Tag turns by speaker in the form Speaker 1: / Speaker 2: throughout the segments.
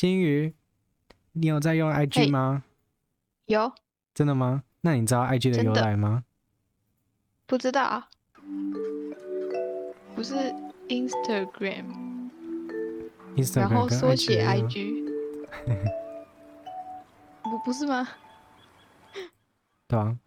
Speaker 1: 金魚，你有在用 IG 嗎？Hey, 有。真的嗎？那你知道 IG 的由來嗎？
Speaker 2: 不知道。不是
Speaker 1: Instagram，然後縮寫 IG。
Speaker 2: 不 不是嗎？
Speaker 1: 對啊。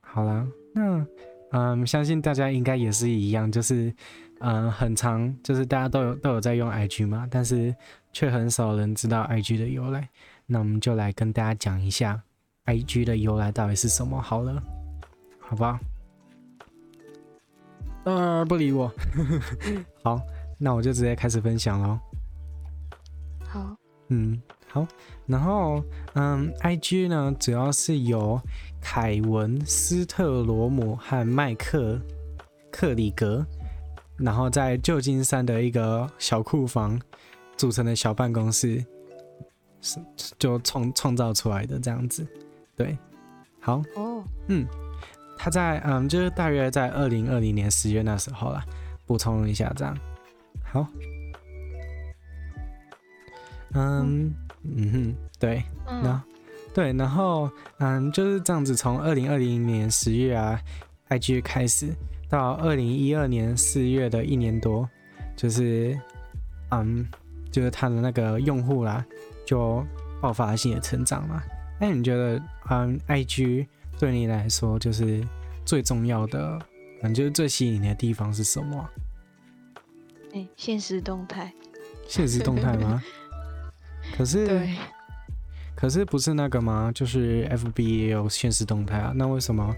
Speaker 1: 好啦，那嗯，相信大家應該也是一樣，就是。嗯，很常，就是大家都有都有在用 IG 嘛，但是卻很少人知道 IG 的由來。那我們就來跟大家講一下 IG 的由來到底是什麼好了，好吧？嗯、呃，不理我。 好，那我就直接開始分享嘍。
Speaker 3: 好。
Speaker 1: 嗯，好。然後，嗯，IG 呢，主要是由凱文·斯特羅姆和麥克·克里格。然後在舊金山的一個小庫房組成的小辦公室，是就創創造出來的這樣子，對，好，哦，嗯，他在嗯，就是大約在二零二零年十月那時候了，補充一下這樣，好，嗯嗯，嗯哼，對，嗯，對，然後嗯，就是這樣子，從二零二零年十月啊，IG 開始到二零一二年四月的一年多，就是，嗯，就是他的那個用戶啦，就爆發性的成長了。那、哎、你覺得，嗯，I G 對你來說就是最重要的，嗯，就是最吸引你的地方是什麼？哎，
Speaker 2: 限時動態。
Speaker 1: 限時動態嗎？ 可是，對。可是不是那個嗎？就是 F B 也有限時動態啊，那為什麼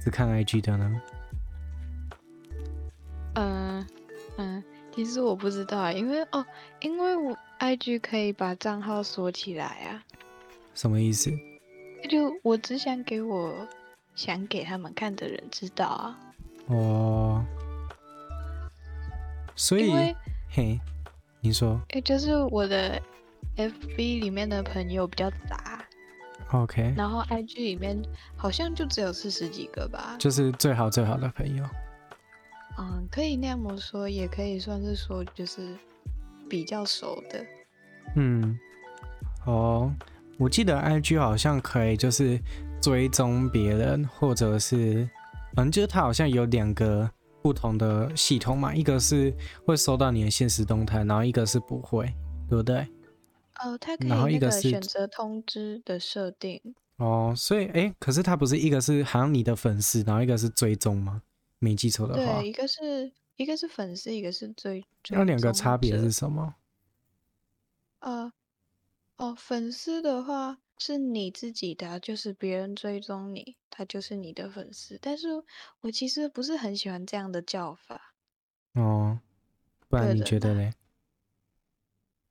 Speaker 1: 只看 I G 的呢？
Speaker 2: 嗯嗯，其實我不知道啊，因為哦，因為我 IG 可以把賬號鎖起來啊。
Speaker 1: 什麼意思？
Speaker 2: 就我只想給我想給他們看的人知道啊。
Speaker 1: 哦，所以，嘿，你說，
Speaker 2: 哎、欸，就是我的 FB 裡面的朋友比較雜，OK，然後 IG 裡面好像就只有四十幾個吧，
Speaker 1: 就是最好最好的朋友。
Speaker 2: 嗯，可以那麼說，也可以算是說，就是比較熟的。
Speaker 1: 嗯，哦，我記得 IG 好像可以就是追蹤別人，或者是，反正就是它好像有兩個不同的系統嘛，一個是會收到你的限時動態，然後一個是不會，對不對？
Speaker 2: 哦，它可以，然後一個是那個選擇通知的設定。
Speaker 1: 哦，所以，哎，可是它不是一個是好像你的粉絲，然後一個是追蹤嗎？沒記錯的話，對，一
Speaker 2: 個是一個是粉絲，一個是追。那兩個差
Speaker 1: 別是什麼？啊、
Speaker 2: 呃，哦，粉絲的話是你自己的、啊，就是別人追蹤你，他就是你的粉絲。但是我其實不是很喜歡這樣的叫法。
Speaker 1: 哦，不然你覺得呢？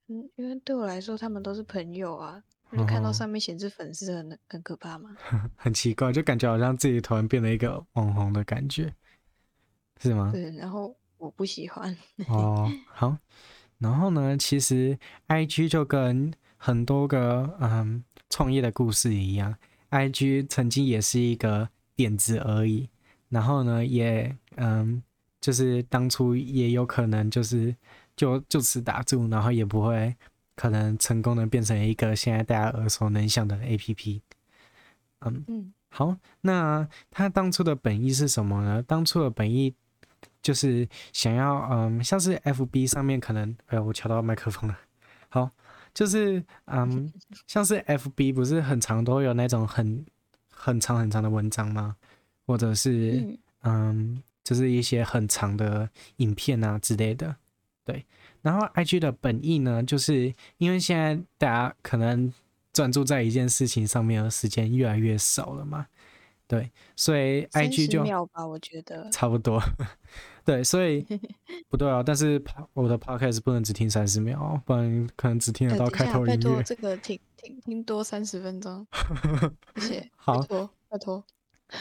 Speaker 2: 嗯，因為對我來說，他們都是朋友啊。
Speaker 1: 你、哦哦、看到上
Speaker 2: 面顯示粉絲很，很很可怕嗎？
Speaker 1: 很奇怪，就感覺好像自己突然變得一個網紅的感覺。是嗎？
Speaker 2: 對，然後
Speaker 1: 我不喜歡。哦，好，然後呢，其實，IG 就跟很多個嗯創業的故事一樣，IG 曾經也是一個點子而已。然後呢，也嗯，就是當初也有可能就是就就此打住，然後也不會可能成功的變成一個現在大家耳熟能詳的 APP。嗯嗯，好，那他當初的本意是什麼呢？當初的本意。就是想要嗯，像是 F B 上面可能哎，我敲到麥克風了。好，就是嗯行行行，像是 F B 不是很常都有那種很很長很長的文章嗎？或者是嗯，嗯，就是一些很長的影片啊之類的。對，然後 I G 的本意呢，就是因為現在大家可能專注在一件事情上面的時間越來越少了嘛。對，所以 I G
Speaker 2: 就
Speaker 1: 差不多。對，所以不對啊。但是我的 podcast 不能只聽三十秒，不然可能只聽得到開頭音樂。呃、拜託這
Speaker 2: 個聽聽聽多三十分鐘， 謝謝。好，拜託，拜
Speaker 1: 託。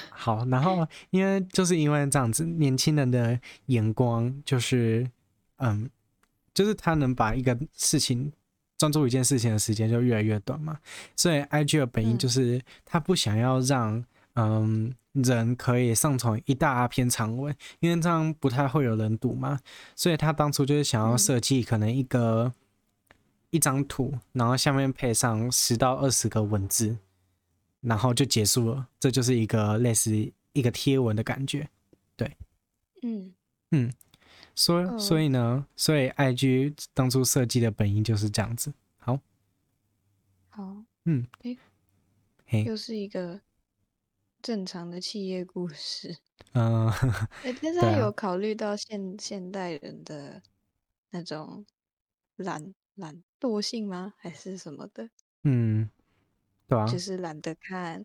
Speaker 1: 好，然後因為就是因為這樣子，年輕人的眼光就是，嗯，就是他能把一個事情專注一件事情的時間就越來越短嘛。所以，IG 的本意就是、嗯、他不想要讓，嗯。人可以上傳一大篇長文，因為這樣不太會有人讀嘛，所以他當初就是想要設計可能一個、嗯、一張圖，然後下面配上十到二十個文字，然後就結束了。這就是一個類似一個貼文的感覺，對，嗯嗯，所所以呢、呃，所以 IG 當初設計的本意就是這樣子。好，好，嗯，
Speaker 2: 哎、欸，嘿，又是一個。正常的企業故事，
Speaker 1: 嗯，哎、欸，現在有
Speaker 2: 考慮到現、啊、現代人的那種懶懶惰性嗎？還是什麼的？
Speaker 3: 嗯，對、啊、就是
Speaker 2: 懶得看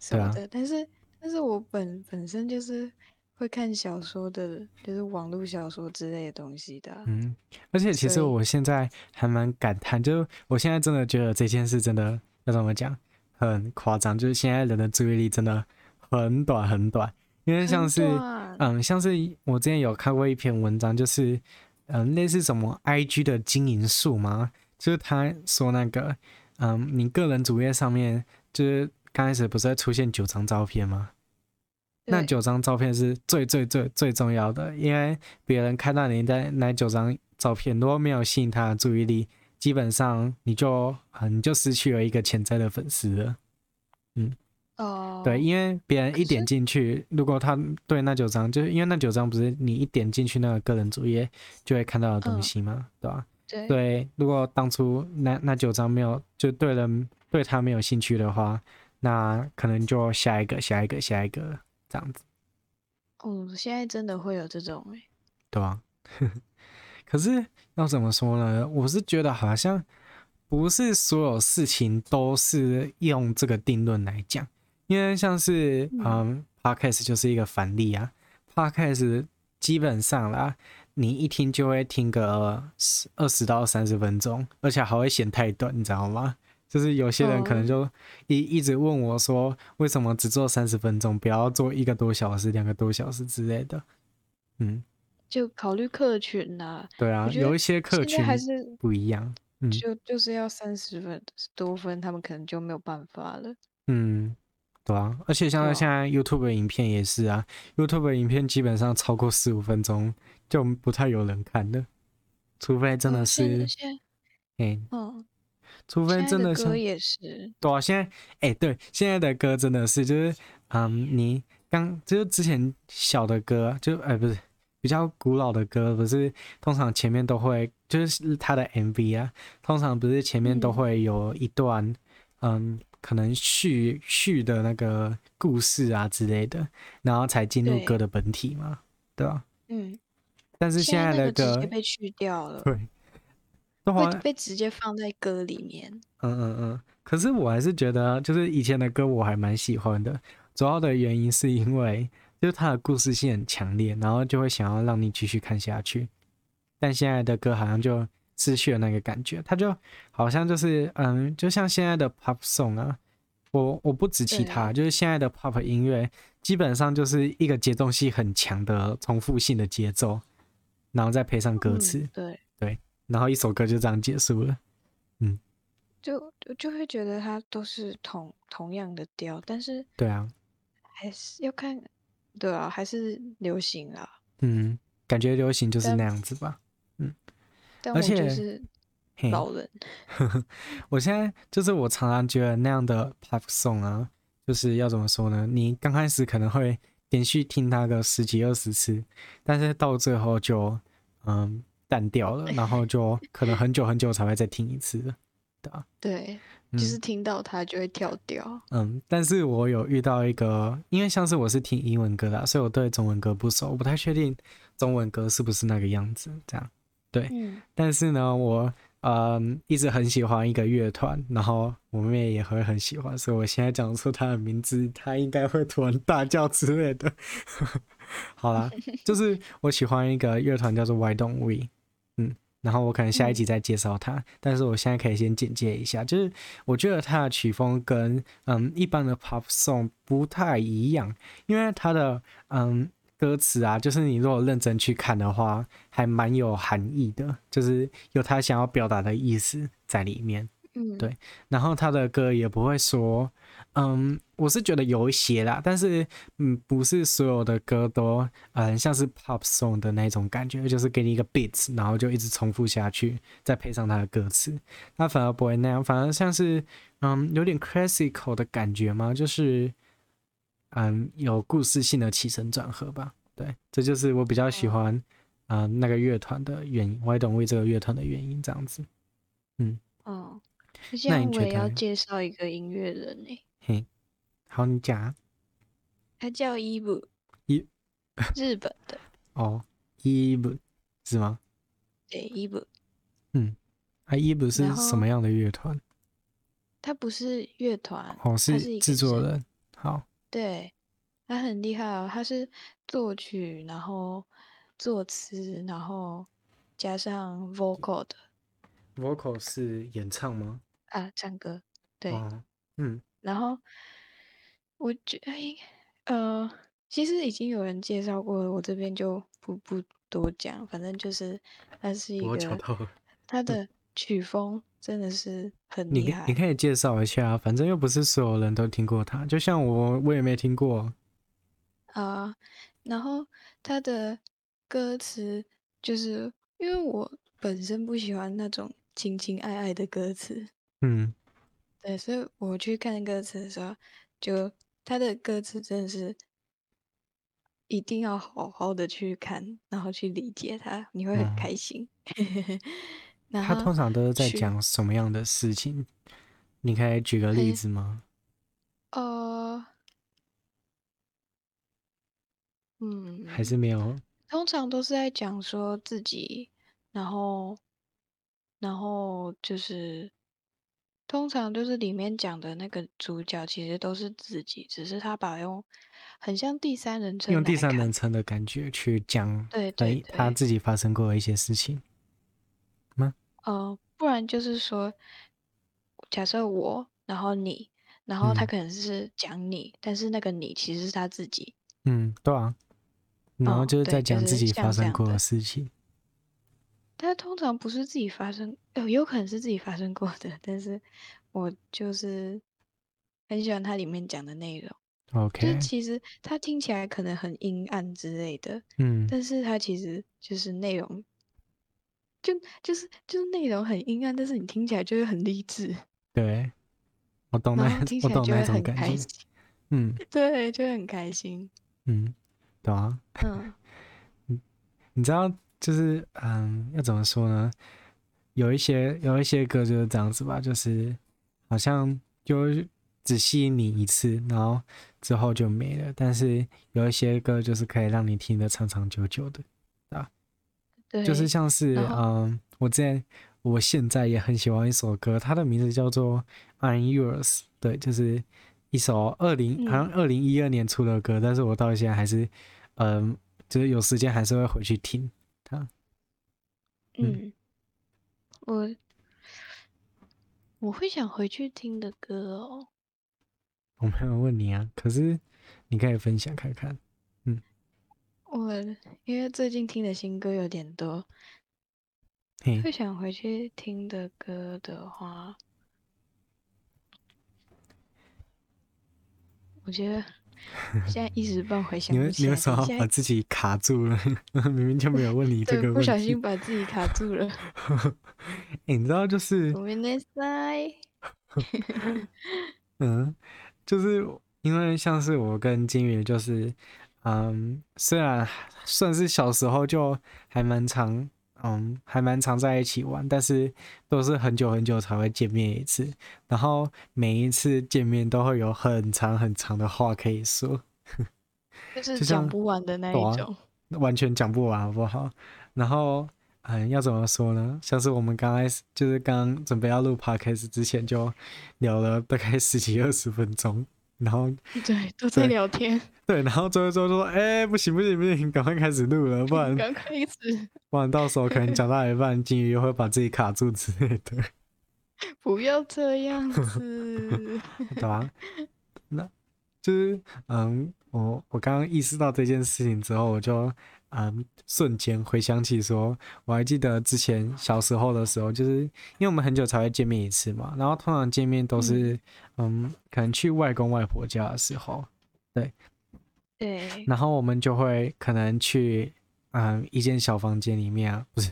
Speaker 2: 什麼的、 啊。但是，但是我本本身就是會看小說的，就是網絡小說之類的東西的、啊。
Speaker 1: 嗯，而且其實我現在還蠻感嘆，就我現在真的覺得這件事真的要怎麼講？很誇張，就是現在人的注意力真的很短很短，因為像是，嗯，像是我之前有看過一篇文章，就是，嗯，那是什麼 IG 的經營術嗎？就是他說那個，嗯，你個人主頁上面，就是剛開始不是會出現九張照片嗎？那九張照片是最最最最重要的，因為別人看到你的那九張照片，如果沒有吸引他的注意力。基本上你就很就失去了一個潛在的粉絲了，嗯哦，uh, 對，因為別人一點進去，如果他對那九張，就是因為那九張不是你一點進去那個個人主頁就會看到的東西嘛，uh, 對吧、啊？對，如果當初那那九張沒有就對人對他沒有興趣的話，那可能就下一個下一個下一個這樣子。
Speaker 2: 哦、嗯，現在真的會有這種、欸、
Speaker 1: 對吧？ 可是。那怎麼說呢？我是覺得好像不是所有事情都是用這個定論來講，因為像是嗯，嗯，Podcast 就是一個反例啊。Podcast 基本上啦，你一聽就會聽個十二十到三十分鐘，而且還會嫌太短，你知道嗎？就是有些人可能就一一直問我說、嗯，為什麼只做三十分鐘，不要做一個多小時、兩個多小時之類的？嗯。
Speaker 2: 就考慮客群吶、啊，對啊，有一些客群還是
Speaker 1: 不一樣，嗯、就
Speaker 2: 就是要三十分多分，他們可能就沒有辦法
Speaker 1: 了。嗯，對啊，而且像現在 YouTube 影片也是啊。啊，YouTube 影片基本上超過十五分鐘就不太有人看的，除非真的是，嗯、欸，哦，除非真的是，的歌也是，對啊，現在哎，欸、對，現在的歌真的是就是，嗯，你剛就是之前小的歌就哎、欸、不是。比較古老的歌，不是通常前面都會就是他的 MV 啊，通常不是前面都會有一段嗯，嗯，可能續續的那個故事啊之類的，然後才進入歌的本體嘛，對吧？對啊。嗯。但是現在的歌在被
Speaker 2: 去掉了，
Speaker 1: 對，會
Speaker 2: 被直接放在歌
Speaker 1: 裡面。嗯嗯嗯。可是我還是覺得，就是以前的歌我還蠻喜歡的，主要的原因是因為。就是它的故事性很強烈，然後就會想要讓你繼續看下去。但現在的歌好像就失去了那個感覺，它就好像就是嗯，就像現在的 pop song 啊，我我不止其他、啊，就是現在的 pop 音樂基本上就是一個節奏性很強的重複性的節奏，然後再配上歌詞，嗯、對對，然後一首歌就這樣結束了。
Speaker 2: 嗯，就就會覺得它都是同同樣的調，但是對啊，還是要看。對啊，還
Speaker 1: 是流行啊。嗯，感覺流行就是那樣子吧。但嗯，
Speaker 3: 但我就是，而
Speaker 1: 且老人，我現在就是我常常覺得那樣的 pop song 啊，就是要怎麼說呢？你剛開始可能會連續聽它個十幾二十次，但是到最後就嗯，淡掉了，然後就可能很久很久才會再聽一次的，
Speaker 2: 對啊。對。就是聽到它就會跳掉嗯。
Speaker 1: 嗯，但是我有遇到一個，因為像是我是聽英文歌的，所以我對中文歌不熟，我不太確定中文歌是不是那個樣子這樣。對、嗯，但是呢，我嗯一直很喜歡一個樂團，然後我妹妹也會很喜歡，所以我現在講出他的名字，她應該會突然大叫之類的。 好啦， 就是我喜歡一個樂團叫做 Why Don't We，嗯。然後我可能下一集再介紹他，嗯、但是我現在可以先簡介一下，就是我覺得他的曲風跟嗯一般的 pop song 不太一樣，因為他的嗯歌詞啊，就是你如果認真去看的話，還蠻有含義的，就是有他想要表達的意思在裡面。嗯、對。然後他的歌也不會說嗯，我是覺得有一些啦，但是嗯，不是所有的歌都嗯，像是 pop song 的那種感覺，就是給你一個 beat，然後就一直重複下去，再配上它的歌詞，那反而不會那樣，反而像是嗯，有點 classical 的感覺嘛，就是嗯，有故事性的起承轉合吧。對，這就是我比較喜歡啊，哦呃，那個樂團的原因，Why don't we 這個樂團的原因這樣子。嗯，
Speaker 3: 哦，
Speaker 2: 那你覺得我也要介紹一個音樂人誒，欸。
Speaker 1: 嘿好，你講、啊。
Speaker 2: 他叫伊布、e，伊日本的
Speaker 1: 哦，伊 e、布是嗎？
Speaker 2: 對，伊布。
Speaker 1: 嗯，啊，伊 e、布是什麼樣的樂團？
Speaker 2: 他不是樂團，哦，是制作人。好，對他很厲害哦，他是作曲，然後作詞，然後加上 vocal 的。
Speaker 1: vocal 是演唱嗎？
Speaker 2: 啊，唱歌。對，哦、嗯。然後我覺得應該，呃，其實已經有人介紹過了，我這邊就不不多講。反正就是，他是一個，他的曲風真的是很厲害，嗯，你。你
Speaker 1: 可以介紹一下，反正又不是所有人都聽過他，就像我，我也沒聽過。啊、呃，
Speaker 2: 然後他的歌詞就是因為我本身不喜歡那種情情愛愛的歌詞，嗯。對，所以我去看歌詞的時候，就他的歌詞真的是一定要好好的去看，然後去理解他，你會很開心。啊、 他通常都是在講
Speaker 1: 什麼樣的事情？你可以舉個例子嗎？
Speaker 2: 呃，嗯，還是沒有。通常都是在講說自己，然後，然後就是。通常就是裡面講的那個主角，其實都是自己，只是他把用很像第三人稱，用第三
Speaker 1: 人稱的感覺去講。對、對，他自己發生過的一些事情嗎？
Speaker 2: 呃，不然就是說，假設我，然後你，然後他可能是講你，嗯，但是那個你其實是他自己，
Speaker 1: 嗯，對啊，然後就是在講自己發生過的事情。嗯
Speaker 2: 它通常不是自己發生，有有可能是自己發生過的，但是我就是很喜歡它裡面講的內容。
Speaker 1: OK，就其
Speaker 2: 實它聽起來可能很陰暗之類的，嗯，但是它其實就是內容，就就是就是內容很陰暗，但是你聽起來就會很勵志。對，
Speaker 1: 我懂那種，然後聽起來就會，我懂那種感
Speaker 2: 覺，很開心。嗯，對，就很開心。嗯，
Speaker 1: 懂啊。嗯，嗯，你知道。就是，嗯，要怎麼說呢？有一些有一些歌就是這樣子吧，就是好像就只吸引你一次，然後之後就沒了。但是有一些歌就是可以讓你聽得長長久久的，對吧？對，就是像是，嗯，我之前我現在也很喜歡一首歌，它的名字叫做《I'm Yours》，對，就是一首二零好像二零一二年出的歌，嗯，但是我到現在還是，嗯，就是有時間還是會回去聽。啊、
Speaker 3: 嗯，嗯，我
Speaker 2: 我會想回去聽的歌哦，
Speaker 1: 我沒有問你啊，可是你可以分享看看。
Speaker 2: 嗯，我因為最近聽的新歌有點多，
Speaker 1: 會
Speaker 2: 想回去聽的歌的話，我覺得。現在一時半會想不你為什麼把自
Speaker 1: 己卡住了， 明明就沒有問你這個問題。不小心
Speaker 2: 把自己卡住
Speaker 1: 了。 欸、你知道就是。
Speaker 2: 我 嗯，
Speaker 1: 就是因為像是我跟金魚，就是嗯，雖然算是小時候就還蠻長。嗯，還蠻常在一起玩，但是都是很久很久才會見面一次，然後每一次見面都會有很長很長的話可以說，就
Speaker 3: 是講不完的那一種，
Speaker 1: 完全講不完，好不好？然後，嗯，要怎麼說呢？像是我們剛開始，就是剛準備要錄 Podcast 之前，就聊了大概十幾二十分鐘，然後
Speaker 3: 對都在聊天。
Speaker 1: 對，然後周一周說，哎、欸，不行不行不行，趕快開始錄了，不然，趕
Speaker 3: 快
Speaker 1: 開始，不然到時候可能講到一半，金魚又會把自己卡住之類的。的
Speaker 3: 不
Speaker 2: 要這樣子。對吧？
Speaker 1: 那，就是，嗯，我我剛剛意識到這件事情之後，我就，嗯，瞬間回想起說，我還記得之前小時候的時候，就是因為我們很久才會見面一次嘛，然後通常見面都是，嗯，嗯可能去外公外婆家的時候，對。對，然後我們就會可能去，嗯，一間小房間裡面啊，不是，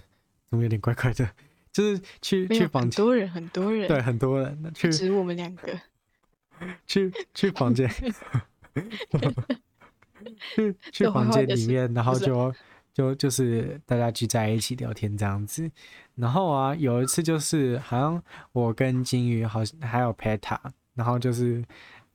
Speaker 1: 怎麼有點怪怪的？就是去去房間，很多人，
Speaker 2: 很多人，對，很
Speaker 1: 多人去，不只我們兩個，去去房間，
Speaker 3: 去去房間裡面，就是、然後就、啊、
Speaker 1: 就就是大家聚在一起聊天這樣子。然後啊，有一次就是好像我跟金魚好，好像還有 Peta，然後就是。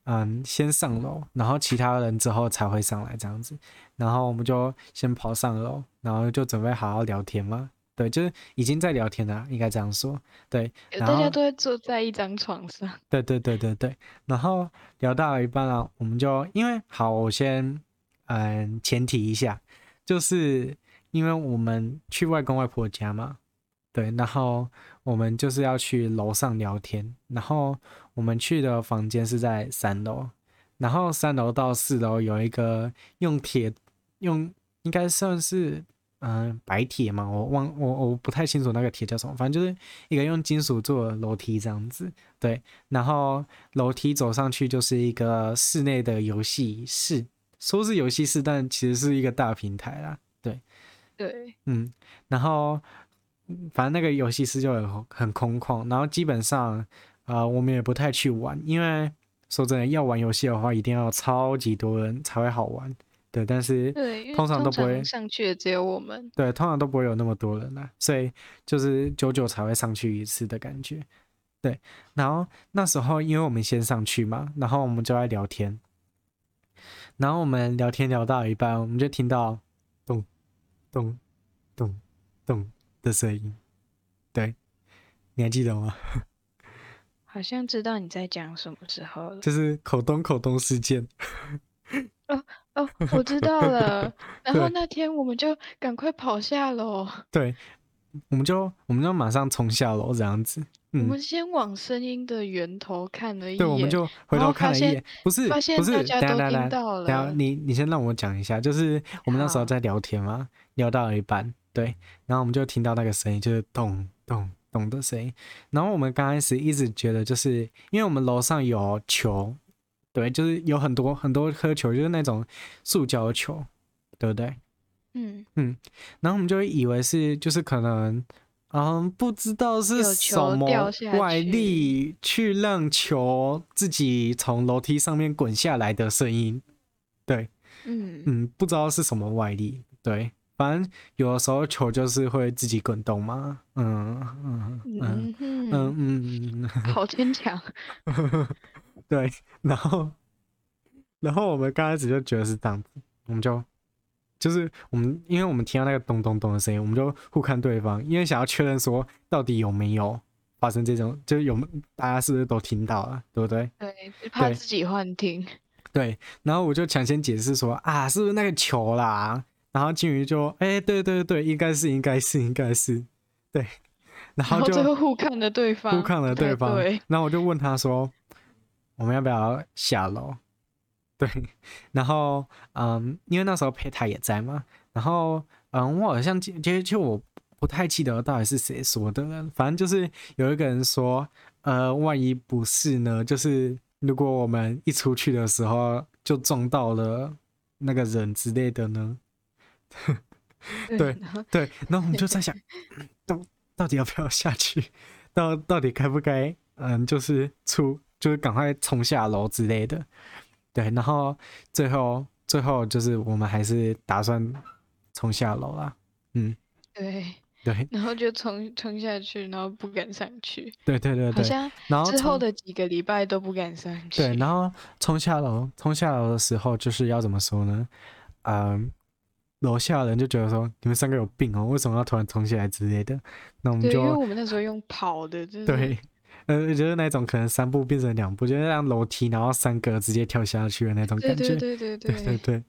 Speaker 1: 嗯，先上樓，然後其他人之後才會上來這樣子，然後我們就先跑上樓，然後就準備好好聊天嘛。對，就是已經在聊天了，應該這樣說。對，大家都
Speaker 2: 會坐在一張床上。
Speaker 1: 對對對對對，然後聊到一半了，我們就因為好，我先嗯前提一下，就是因為我們去外公外婆家嘛。對，然後我們就是要去樓上聊天，然後我們去的房間是在三樓，然後三樓到四樓有一個用鐵，用應該算是嗯、呃、白鐵嘛，我忘我我不太清楚那個鐵叫什麼，反正就是一個用金屬做的樓梯這樣子，對，然後樓梯走上去就是一個室內的遊戲室，說是遊戲室，但其實是一個大平台啦，對，對，嗯，然後。反正那個遊戲室就很很空曠，然後基本上，啊、呃，我們也不太去玩，因為說真的，要玩遊戲的話，一定要超級多人才會好玩，對。但是對通常都不會
Speaker 2: 上去的，只有我們。
Speaker 1: 對，通常都不會有那麼多人的、啊，所以就是久久才會上去一次的感覺。對，然後那時候因為我們先上去嘛，然後我們就來聊天，然後我們聊天聊到一半，我們就聽到咚咚咚咚。咚咚咚咚的聲音，對，你還記得嗎？
Speaker 2: 好像知道你在講什麼時候了。就是
Speaker 1: 口冬口冬事件。
Speaker 2: 哦哦，我知道了。 然後那天我們就趕快跑下樓。
Speaker 1: 對，我們就我們就馬上衝下樓這樣子，嗯。我
Speaker 2: 們先往聲音的源頭看了一眼。對，我們就回頭看了一眼，不是，不是，大家都聽到了。然後
Speaker 1: 你你先讓我講一下，就是我們那時候在聊天嘛，聊到了一半。對，然後我們就聽到那個聲音，就是咚咚咚的聲音。然後我們剛開始一直覺得，就是因為我們樓上有球，對，就是有很多很多顆球，就是那種塑膠球，對不對？嗯嗯。然後我們就以為是，就是可能，嗯，不知道是什麼外力去讓球自己從樓梯上面滾下來的聲音。對，嗯嗯，不知道是什麼外力，對。反正有的時候球就是會自己滾動嘛，嗯嗯嗯嗯嗯嗯，好牽強， 對。然後，然後我們剛開始就覺得是這樣子，我們就就是我們，因為我們聽到那個咚咚咚的聲音，我們就互看對方，因為想要確認說到底有沒有發生這種，就有大家是不是都聽到了，對不對？
Speaker 2: 對，怕自己幻聽對。
Speaker 1: 對，然後我就搶先解釋說啊，是不是那個球啦？然後金魚就哎，欸、對對對，應該是應該是應該是，對，然後就然後最
Speaker 2: 後互看的對方，互看的對方，對，對，
Speaker 1: 對。然後我就問他說，說我們要不要下樓？對，然後嗯，因為那時候佩塔也在嘛，然後嗯，我好像其實就，就我不太記得到底是誰說的，反正就是有一個人說，呃，萬一不是呢？就是如果我們一出去的時候就撞到了那個人之類的呢？ 對對，對，然後我們就在想，到 到底要不要下去，到到底該不該，嗯，就是出，就是趕快衝下樓之類的。對，然後最後最後就是我們還是打算衝下樓啦。嗯，
Speaker 2: 對對，然後就衝衝下去，然後不敢上去。
Speaker 1: 對對對對，好像然後之後的
Speaker 2: 幾個禮拜都不敢上
Speaker 1: 去。對，然後衝下樓，衝下樓的時候就是要怎麼說呢？嗯。樓下的人就覺得說，你們三個有病哦，為什麼要突然衝起來之類的？那我們就，對，因為我
Speaker 2: 們那時候用跑的，就是，對，
Speaker 1: 呃，就是那種可能三步變成兩步，就是讓樓梯，然後三個直接跳下去的那種感覺，對對對對對對，對對對對，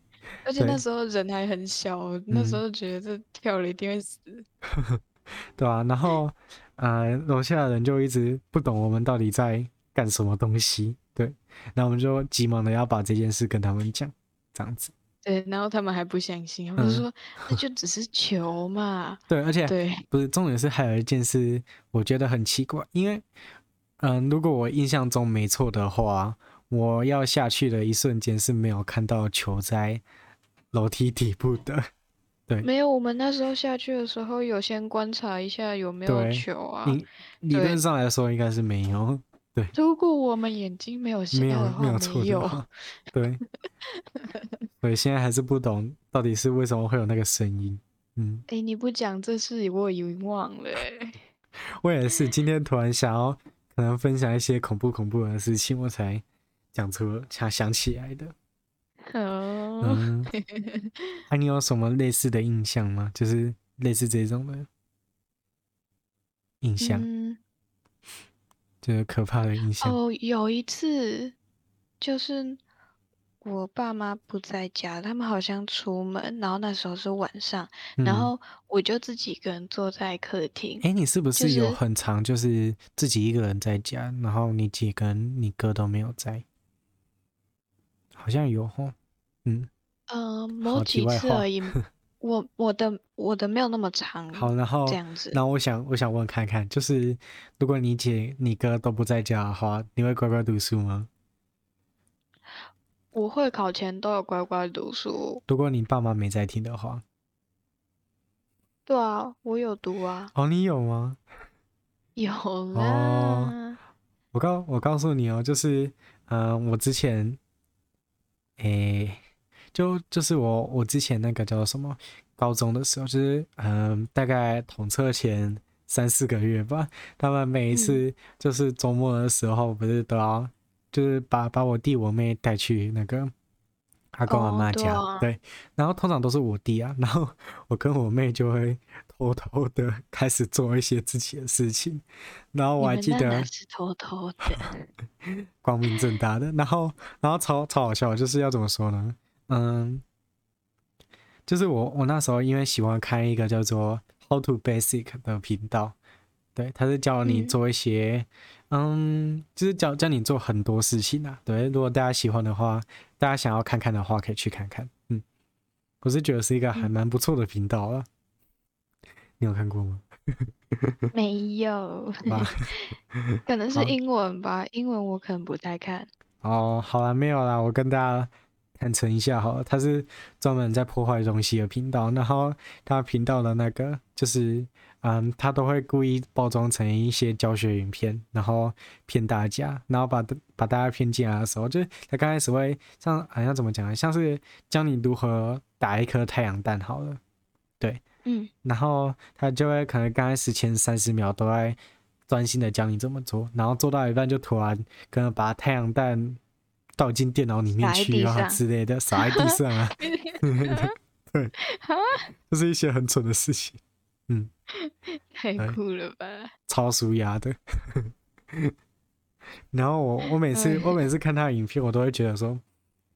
Speaker 1: 而且那時
Speaker 2: 候人還很小，那時候覺得這跳了一定會死，嗯、
Speaker 1: 對啊，然後，呃，樓下的人就一直不懂我們到底在幹什麼東西，對，那我們就急忙的要把這件事跟他們講，這樣子。
Speaker 2: 對，然後他們還不相信，他們說、嗯、那就只是球嘛。對，而且對，
Speaker 1: 不是重點是還有一件事，我覺得很奇怪，因為嗯、呃，如果我印象中沒錯的話，我要下去的一瞬間是沒有看到球在樓梯底部的。對，
Speaker 2: 沒有。我們那時候下去的時候有先觀察一下有沒有球
Speaker 1: 啊。理論上來說應該是沒有。對，
Speaker 2: 對如果我們眼睛沒有到的話，有。沒有錯啊、
Speaker 1: 對。我 現在還是不懂到底是為什麼會有那個聲音。嗯，哎、
Speaker 2: 欸，你不講這事，我已經忘了、
Speaker 1: 欸。 我也是，今天突然想要可能分享一些恐怖恐怖的事情，我才講出才想起來的。
Speaker 3: 哦、oh.，
Speaker 1: 嗯，那、 啊、你有什麼類似的印象嗎？就是類似這種的印象，嗯、 就是可怕的印象。
Speaker 2: Oh, 有一次就是。我爸媽不在家，他們好像出門，然後那時候是晚上，嗯、然後我就自己一個人坐在客廳。哎，你是不是有很
Speaker 1: 長就是自己一個人在家，就是、然後你姐跟你哥都沒有在？好像有、哦、嗯，呃，某幾次而已。我
Speaker 2: 我的我的沒有那麼長。
Speaker 1: 好，然後這樣子，那我想我想問看看，就是如果你姐你哥都不在家的話，你會乖乖讀書嗎？
Speaker 2: 我會考前都要乖乖讀書。
Speaker 1: 如果你爸媽沒在聽的話，
Speaker 2: 對啊，我有讀啊。
Speaker 1: 哦，你有嗎？
Speaker 2: 有啦。
Speaker 1: 哦，我告我告訴你哦，就是，嗯、呃，我之前，誒，就就是我我之前那個叫什麼高中的時候，就是嗯、呃，大概統測前三四個月吧，他們每一次，嗯，就是周末的時候，不是都要。就是把把我弟我妹帶去那個阿公阿媽家，oh, 對，對，然後通常都是我弟啊，然後我跟我妹就會偷偷的開始做一些自己的事情，然後我還記得，啊、是
Speaker 2: 偷偷
Speaker 3: 的，
Speaker 1: 光明正大的，然後然後超超好笑，就是要怎麼說呢？嗯，就是我我那時候因為喜歡看一個叫做 How to Basic 的頻道，對，他是教你做一些。嗯嗯，就是教教你做很多事情啊。對，如果大家喜歡的話，大家想要看看的話，可以去看看。嗯，我是覺得是一個還蠻不錯的頻道啊。嗯、你有看過嗎？
Speaker 2: 沒有。
Speaker 1: 可能是英
Speaker 2: 文吧， 英文我可能不太看。
Speaker 1: 哦，好了，沒有啦，我跟大家坦誠一下，哈，他是專門在破壞東西的頻道，然後他頻道的那個就是。嗯，他都會故意包裝成一些教學影片，然後騙大家，然後把把大家騙進來的時候，就是他剛開始會像好像，啊，要怎麼講啊，像是教你如何打一顆太陽蛋好了，對，嗯，然後他就會可能剛開始前三十秒都在專心的教你怎麼做，然後做到一半就突然可能把太陽蛋倒進電腦裡面去啊之類的，撒在地上啊， 對，啊，這，就是一些很蠢的事情。
Speaker 3: 嗯，太酷了吧！
Speaker 1: 超紓壓的， 然後我我每次、嗯、我每次看他的影片，我都會覺得說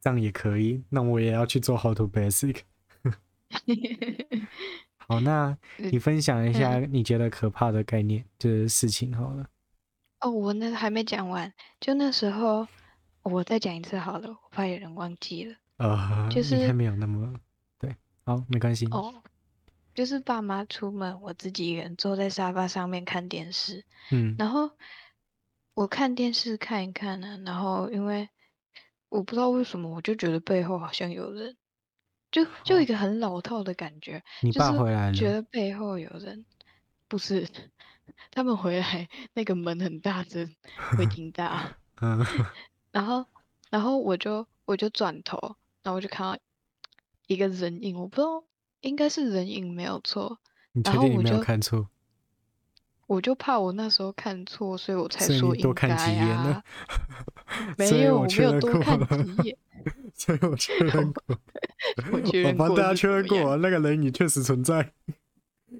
Speaker 1: 這樣也可以，那我也要去做 how to basic。 好，那你分享一下你覺得可怕的概念、嗯、就是事情好
Speaker 2: 了。哦，我那還沒講完，就那時候我再講一次好了，我怕有人忘記
Speaker 1: 了。啊、呃，就是還沒有那麼對，好，沒關係、哦
Speaker 2: 就是爸媽出門，我自己一個人坐在沙發上面看電視，嗯，然後我看電視看一看呢、啊，然後因為我不知道為什麼，我就覺得背後好像有人，就就一個很老套的感覺。你爸回來了，就是，覺得背後有人，不是，他們回來那個門很大聲 會聽到、啊，嗯， 然後然後我就我就轉頭，然後我就看到一個人影，我不知道。應該是人影沒有錯，
Speaker 3: 你確定
Speaker 1: 你沒有看錯？然後
Speaker 2: 我就我就怕我那時候看錯，所以我才說應該啊。沒
Speaker 3: 有我，我沒有多看
Speaker 1: 幾眼，所以我確認過，我幫大家確認過，那個人影確實存在。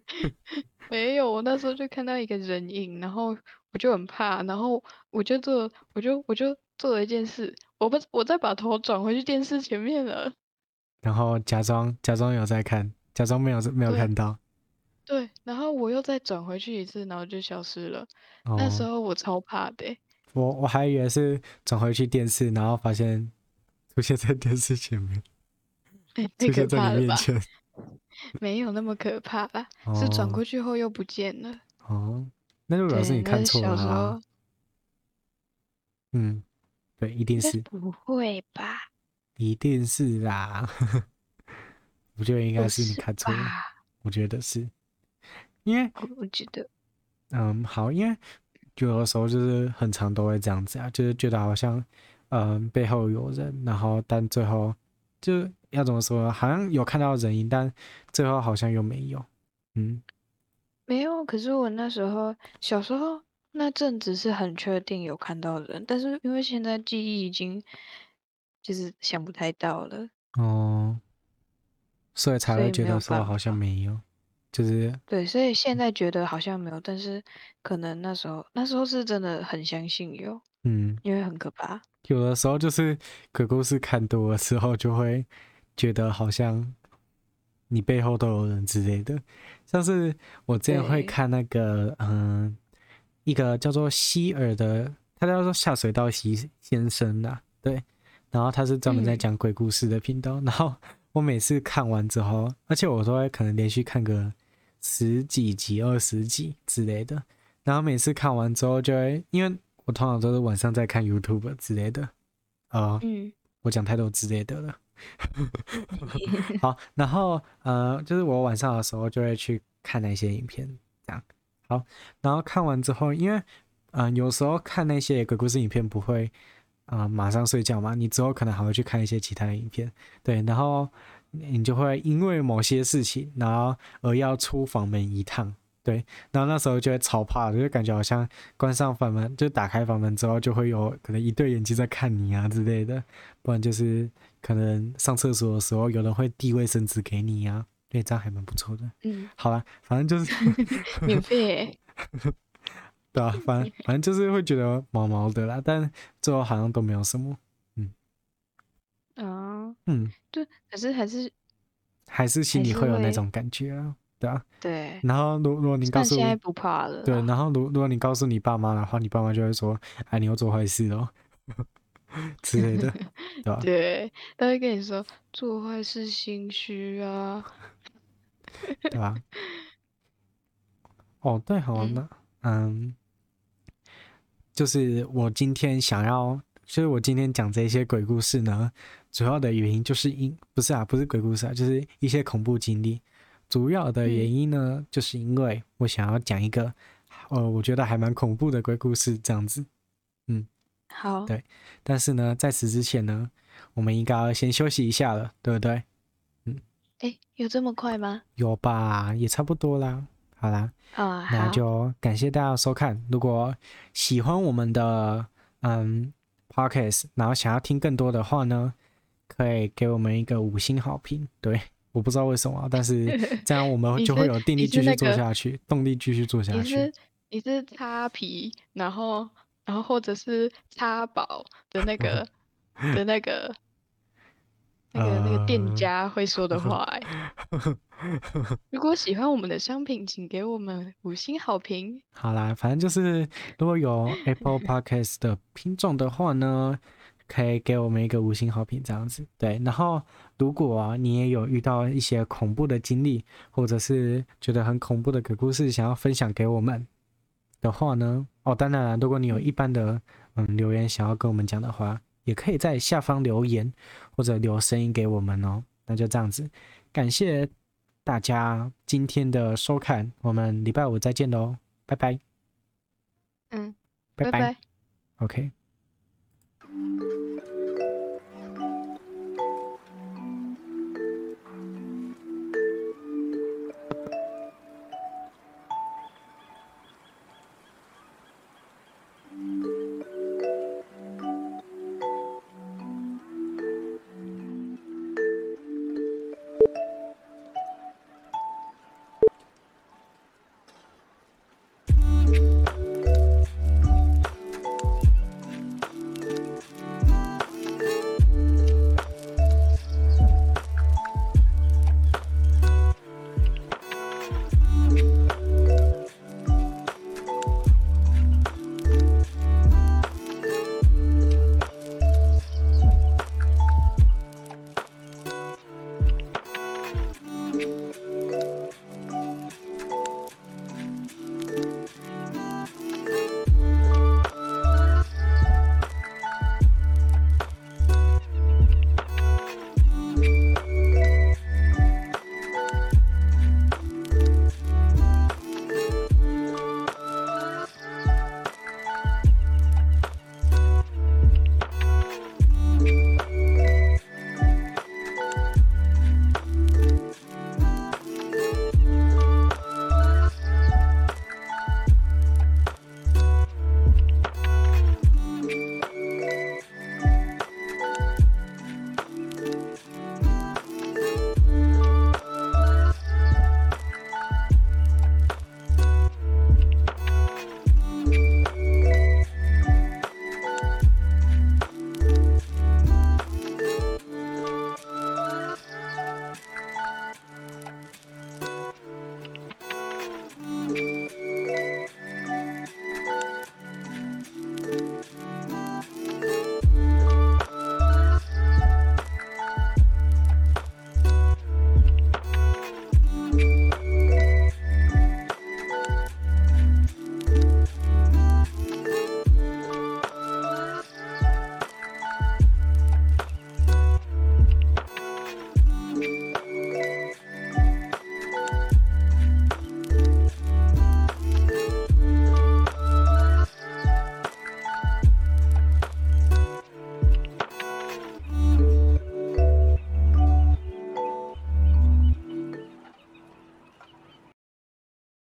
Speaker 2: 沒有，我那時候就看到一個人影，然後我就很怕，然後我就做，我就我就做了一件事，我不，我再把頭轉回去電視前面了。
Speaker 1: 然後假裝假裝有在看，假裝沒有沒有看到對。
Speaker 2: 對，然後我又再轉回去一次，然後就消失了。哦、那時候我超怕的。
Speaker 1: 我我還以為是轉回去電視，然後發現出現在電視前面。
Speaker 2: 哎、欸，這個在你面前。沒有那麼可怕吧？哦。是轉過去後又不見了。
Speaker 1: 哦，那就表示你看錯了。小嗯，對，一定是。不
Speaker 2: 會吧？
Speaker 1: 一定是啦， 我覺得應該是你看錯了，我覺得是，因、
Speaker 3: yeah. 為我記得，嗯、
Speaker 1: um,，好，因、yeah. 為有的時候就是很常都會這樣子啊，就是覺得好像，嗯，背後有人，然後但最後就要怎麼說？好像有看到人影，但最後好像又沒有，嗯，
Speaker 2: 沒有。可是我那時候小時候那陣子是很確定有看到人，但是因為現在記憶已經。就是想不太到了
Speaker 1: 哦，所以才會覺得說好像沒有，沒有就是
Speaker 2: 對，所以現在覺得好像沒有，嗯、但是可能那時候那時候是真的很相信有，
Speaker 1: 嗯，
Speaker 2: 因為很可怕。
Speaker 1: 有的時候就是鬼故事看多之後就會覺得好像你背後都有人之類的，像是我之前會看那個嗯，一個叫做希爾的，他叫做下水道西先生吶、啊，對。然後他是專門在講鬼故事的頻道、嗯，然後我每次看完之後，而且我都會可能連續看個十幾集、二十幾集之類的。然後每次看完之後，就會因為我通常都是晚上在看 YouTube 之類的，啊、呃，嗯，我講太多之類的了。 好，然後呃，就是我晚上的時候就會去看那些影片，這、啊、樣。好，然後看完之後，因為嗯、呃，有時候看那些鬼故事影片不會。啊、呃，馬上睡覺嘛，你之後可能還會去看一些其他的影片，對，然後你就會因為某些事情，然後而要出房門一趟，對，然後那時候就會超怕，就感覺好像關上房門，就打開房門之後就會有可能一對眼睛在看你啊之類的，不然就是可能上廁所的時候有人會遞衛生紙給你啊，對，這樣還蠻不錯的，嗯，好啦，反正就是免 費。 對啊，反正反正就是會覺得毛毛的啦，但最後好像都沒有什麼，嗯，啊，嗯，
Speaker 2: 對，可是還是
Speaker 1: 還是心裡會有那種感覺啊，對啊，對，然後如如果你告訴，現在不
Speaker 2: 怕了，對，
Speaker 1: 然後如如果你告訴你爸媽的話，你爸媽就會說，哎、啊，你又做壞事哦 之類的，對吧、啊？ 對，
Speaker 2: 他會跟你說做壞事心虛啊，
Speaker 1: 對吧、啊？哦，對，好玩的，嗯。就是我今天想要，所以我今天講這些鬼故事呢，主要的原因就是因不是啊，不是鬼故事啊，就是一些恐怖經歷。主要的原因呢，嗯、就是因為我想要講一個，呃，我覺得還蠻恐怖的鬼故事這樣子。嗯，
Speaker 2: 好，對。
Speaker 1: 但是呢，在此之前呢，我們應該要先休息一下了，對不對？嗯。
Speaker 2: 誒，有這麼快嗎？
Speaker 1: 有吧，也差不多啦。好啦，啊、uh, 那就感謝大家的收看。如果喜歡我們的嗯、um, podcast，然後想要聽更多的話呢，可以給我們一個五星好評。對，我不知道為什麼， 但是這樣我們就會有定力繼續做下去，動力繼續做下去。你是，你
Speaker 2: 是、那個、你，是你是擦皮，然後然後或者是擦寶的那個 的那個 那個那個店家會說的話，欸。 如果喜歡我們的商品，請給我們五星好評。
Speaker 1: 好啦，反正就是如果有 Apple Podcast 的聽眾的話呢， 可以給我們一個五星好評這樣子。對，然後如果你也有遇到一些恐怖的經歷，或者是覺得很恐怖的鬼故事想要分享給我們的話呢，哦，當然，如果你有一般的嗯留言想要跟我們講的話，也可以在下方留言或者留聲音給我們哦。那就這樣子，感謝大家今天的收看，我們禮拜五再見嘍，拜拜。嗯，拜拜。拜拜 OK。